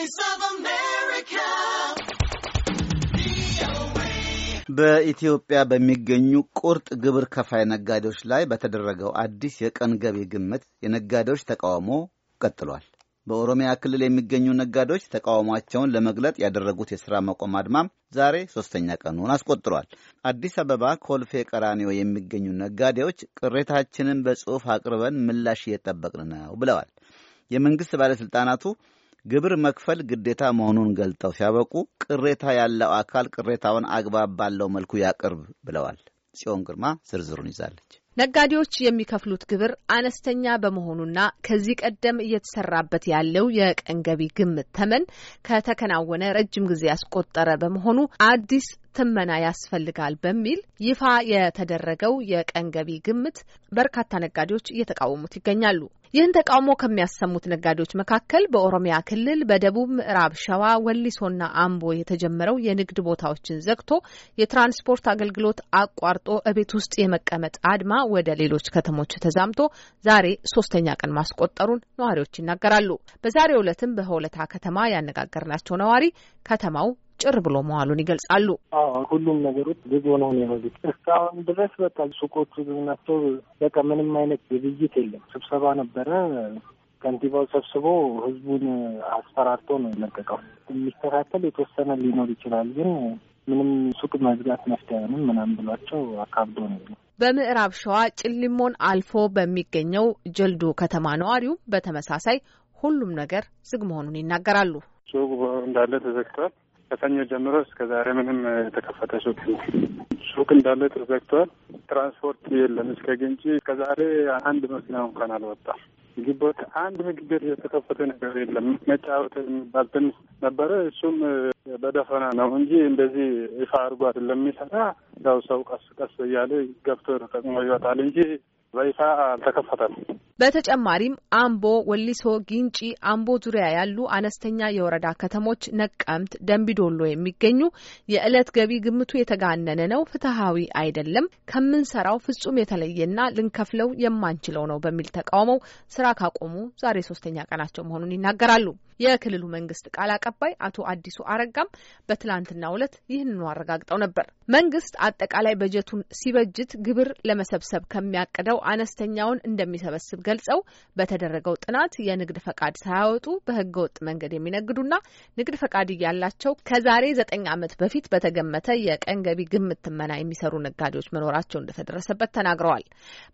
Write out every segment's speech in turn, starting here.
Voice of America. በኢትዮጵያ በሚገኙ ቁርጥ ግብር ከፋይ ነጋዴዎች ላይ በተደረገው አዲስ የቀን ገቢ ግምት የነጋዴዎች ተቃውሞ ቀጥሏል። በኦሮሚያ ክልል የሚገኙ ነጋዴዎች ተቃውሟቸውን ለመግለጥ ያደረጉት የሥራ መቆም አድማም ዛሬ ሦስተኛ ቀኑን አስቆጥሯል። አዲስ አበባ ኮልፌ ቀራኒዮ የሚገኙ ነጋዴዎች ቅሬታችንን በጽሑፍ አቅርበን ምላሽ እየጠበቅን ነው ብለዋል። የመንግሥት ባለሥልጣናቱ ግብር መክፈል ግዴታ መሆኑን ገልጠው ሲያበቁ ቅሬታ ያለው አካል ቅሬታውን አግባብ ባለው መልኩ ያቅርብ ብለዋል። ጽዮን ግርማ ዝርዝሩን ይዛለች። ነጋዴዎች የሚከፍሉት ግብር አነስተኛ በመሆኑና ከዚህ ቀደም እየተሰራበት ያለው የቀን ገቢ ግምት ተመን ከተከናወነ ረጅም ጊዜ ያስቆጠረ በመሆኑ አዲስ ትመና ያስፈልጋል በሚል ይፋ የተደረገው የቀን ገቢ ግምት በርካታ ነጋዴዎች እየተቃወሙት ይገኛሉ። ይህን ተቃውሞ ከሚያሰሙት ነጋዴዎች መካከል በኦሮሚያ ክልል በደቡብ ምዕራብ ሸዋ ወሊሶና አምቦ የተጀመረው የንግድ ቦታዎችን ዘግቶ የትራንስፖርት አገልግሎት አቋርጦ እቤት ውስጥ የመቀመጥ አድማ ወደ ሌሎች ከተሞች ተዛምቶ ዛሬ ሶስተኛ ቀን ማስቆጠሩን ነዋሪዎች ይናገራሉ። በዛሬው ዕለትም በሆለታ ከተማ ያነጋገርናቸው ነዋሪ ከተማው ጭር ብሎ መዋሉን ይገልጻሉ። ሁሉም ነገሮች ብዙ ነው የሆኑት እስካሁን ድረስ። በቃ ሱቆቹ ዝግ ናቸው። በቃ ምንም አይነት ግብይት የለም። ስብሰባ ነበረ ከንቲባው ሰብስቦ ህዝቡን አስፈራርቶ ነው የለቀቀው። የሚስተካከል የተወሰነ ሊኖር ይችላል፣ ግን ምንም ሱቅ መዝጋት መፍትሄ ምን ምናምን ብሏቸው አካብዶ ነው። በምዕራብ ሸዋ ጭሊሞን አልፎ በሚገኘው ጀልዱ ከተማ ነዋሪው በተመሳሳይ ሁሉም ነገር ዝግ መሆኑን ይናገራሉ። ሱቅ እንዳለ ተዘግቷል። ከሰኞ ጀምሮ እስከ ዛሬ ምንም የተከፈተ ሱቅ ሱቅ እንዳለ ተዘግቷል። ትራንስፖርት የለም። እስከ ግንጭ እስከ ዛሬ አንድ መኪና እንኳን አልወጣም። ግቦት አንድ ምግብ ቤት የተከፈተ ነገር የለም። መጫወት የሚባል ትንሽ ነበረ። እሱም በደፈና ነው እንጂ እንደዚህ ይፋ አድርጎ ለሚሰራ ያው ሰው ቀስ ቀስ እያለ ገብቶ ተጠቅሞ ይወጣል እንጂ በይፋ አልተከፈተም። በተጨማሪም አምቦ፣ ወሊሶ፣ ጊንጪ፣ አምቦ ዙሪያ ያሉ አነስተኛ የወረዳ ከተሞች፣ ነቀምት፣ ደንቢዶሎ የሚገኙ የዕለት ገቢ ግምቱ የተጋነነ ነው፣ ፍትሐዊ አይደለም፣ ከምንሰራው ፍጹም የተለየና ልንከፍለው የማንችለው ነው በሚል ተቃውመው ስራ ካቆሙ ዛሬ ሶስተኛ ቀናቸው መሆኑን ይናገራሉ። የክልሉ መንግስት ቃል አቀባይ አቶ አዲሱ አረጋም በትላንትናው ዕለት ይህንኑ አረጋግጠው ነበር። መንግስት አጠቃላይ በጀቱን ሲበጅት ግብር ለመሰብሰብ ከሚያቅደው አነስተኛውን እንደሚሰበስብ ገልጸው በተደረገው ጥናት የንግድ ፈቃድ ሳያወጡ በህገወጥ መንገድ የሚነግዱና ንግድ ፈቃድ እያላቸው ከዛሬ ዘጠኝ ዓመት በፊት በተገመተ የቀን ገቢ ግምት ትመና የሚሰሩ ነጋዴዎች መኖራቸው እንደተደረሰበት ተናግረዋል።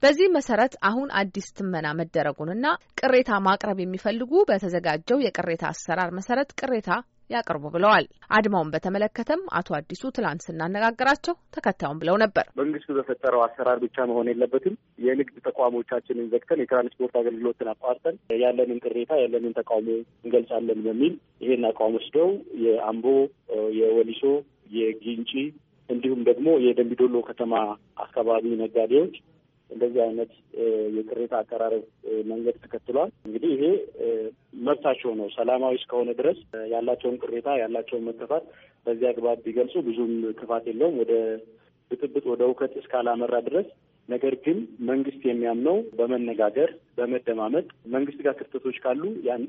በዚህ መሰረት አሁን አዲስ ትመና መደረጉንና ቅሬታ ማቅረብ የሚፈልጉ በተዘጋጀው የቅሬ ቅሬታ አሰራር መሰረት ቅሬታ ያቀርቡ ብለዋል። አድማውን በተመለከተም አቶ አዲሱ ትላንት ስናነጋገራቸው ተከታዩን ብለው ነበር። መንግስቱ በፈጠረው አሰራር ብቻ መሆን የለበትም። የንግድ ተቋሞቻችንን ዘግተን የትራንስፖርት አገልግሎትን አቋርጠን ያለንን ቅሬታ ያለንን ተቃውሞ እንገልጻለን በሚል ይሄን አቋም ወስደው የአምቦ፣ የወሊሶ፣ የጊንጪ እንዲሁም ደግሞ የደምቢዶሎ ከተማ አካባቢ ነጋዴዎች እንደዚህ አይነት የቅሬታ አቀራረብ መንገድ ተከትሏል። እንግዲህ ይሄ መብታቸው ነው። ሰላማዊ እስከሆነ ድረስ ያላቸውን ቅሬታ ያላቸውን መከፋት በዚህ አግባብ ቢገልጹ ብዙም ክፋት የለውም። ወደ ብጥብጥ ወደ እውከት እስካላመራ ድረስ ነገር ግን መንግስት የሚያምነው በመነጋገር በመደማመጥ መንግስት ጋር ክፍተቶች ካሉ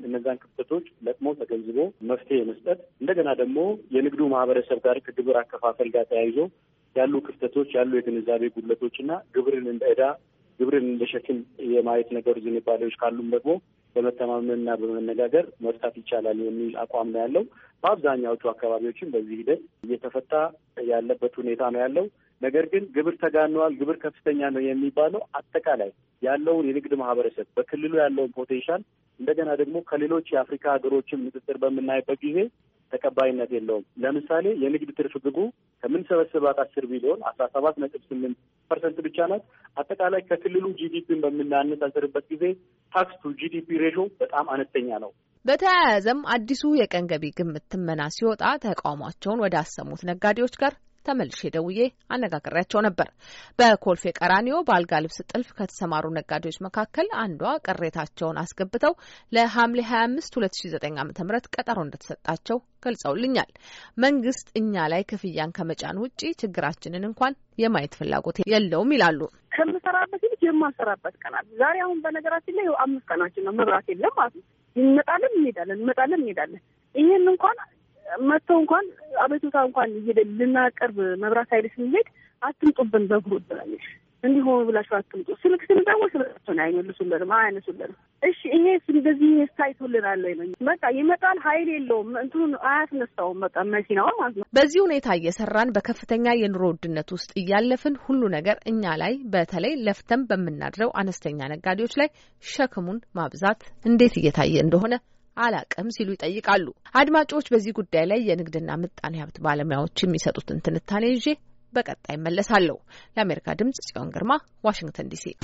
እነዛን ክፍተቶች ለቅሞ ተገንዝቦ መፍትሄ መስጠት እንደገና ደግሞ የንግዱ ማህበረሰብ ጋር ከግብር አከፋፈል ጋር ተያይዞ ያሉ ክፍተቶች ያሉ የግንዛቤ ጉድለቶች እና ግብርን እንደ ዕዳ ግብርን እንደ ሸክም የማየት ነገሩ ዝንባሌዎች ካሉም ደግሞ በመተማመንና በመነጋገር መፍታት ይቻላል የሚል አቋም ነው ያለው። በአብዛኛዎቹ አካባቢዎችም በዚህ ሂደት እየተፈታ ያለበት ሁኔታ ነው ያለው። ነገር ግን ግብር ተጋነዋል፣ ግብር ከፍተኛ ነው የሚባለው አጠቃላይ ያለውን የንግድ ማህበረሰብ በክልሉ ያለውን ፖቴንሻል እንደገና ደግሞ ከሌሎች የአፍሪካ ሀገሮችን ምጥጥር በምናይበት ጊዜ ተቀባይነት የለውም። ለምሳሌ የንግድ ትርፍ ግቡ ከምንሰበስባት አስር ቢሊዮን አስራ ሰባት ነጥብ ስምንት ፐርሰንት ብቻ ናት። አጠቃላይ ከክልሉ ጂዲፒን በምናነጻጽርበት ጊዜ ታክስ ቱ ጂዲፒ ሬሾ በጣም አነስተኛ ነው። በተያያዘም አዲሱ የቀን ገቢ ግምት ትመና ሲወጣ ተቃውሟቸውን ወደ አሰሙት ነጋዴዎች ጋር ተመልሼ ደውዬ አነጋግሬያቸው ነበር። በኮልፌ ቀራኒዮ በአልጋ ልብስ ጥልፍ ከተሰማሩ ነጋዴዎች መካከል አንዷ ቅሬታቸውን አስገብተው ለሐምሌ 25 2009 ዓ ም ቀጠሮ እንደተሰጣቸው ገልጸውልኛል። መንግስት እኛ ላይ ክፍያን ከመጫን ውጪ ችግራችንን እንኳን የማየት ፍላጎት የለውም ይላሉ። ከምሰራበት ይልቅ የማሰራበት ቀናት ዛሬ አሁን በነገራችን ላይ አምስት ቀናችን ነው መብራት የለም ማለት ነው። እንመጣለን እንሄዳለን፣ እንመጣለን እንሄዳለን። ይህን እንኳን መጥተው እንኳን አቤቱታ እንኳን እየደ ልናቀርብ መብራት ኃይል ስንሄድ አትምጡብን በጉሩ ብላለች። እንዲሆኑ ሆኖ ብላችሁ አትምጡ። ስልክ ስንደውል ስልካቸውን አይመልሱልንም አያነሱልንም። እሺ ይሄ እንደዚህ ስታይቶልናለ በቃ ይመጣል፣ ሀይል የለውም እንትኑን አያስነሳውም። በቃ መኪናው ማለት ነው። በዚህ ሁኔታ እየሰራን በከፍተኛ የኑሮ ውድነት ውስጥ እያለፍን ሁሉ ነገር እኛ ላይ በተለይ ለፍተን በምናድረው አነስተኛ ነጋዴዎች ላይ ሸክሙን ማብዛት እንዴት እየታየ እንደሆነ አላቅም ሲሉ ይጠይቃሉ። አድማጮች በዚህ ጉዳይ ላይ የንግድና ምጣኔ ሀብት ባለሙያዎች የሚሰጡትን ትንታኔ ይዤ በቀጣይ መለሳለሁ። ለአሜሪካ ድምጽ ጽዮን ግርማ ዋሽንግተን ዲሲ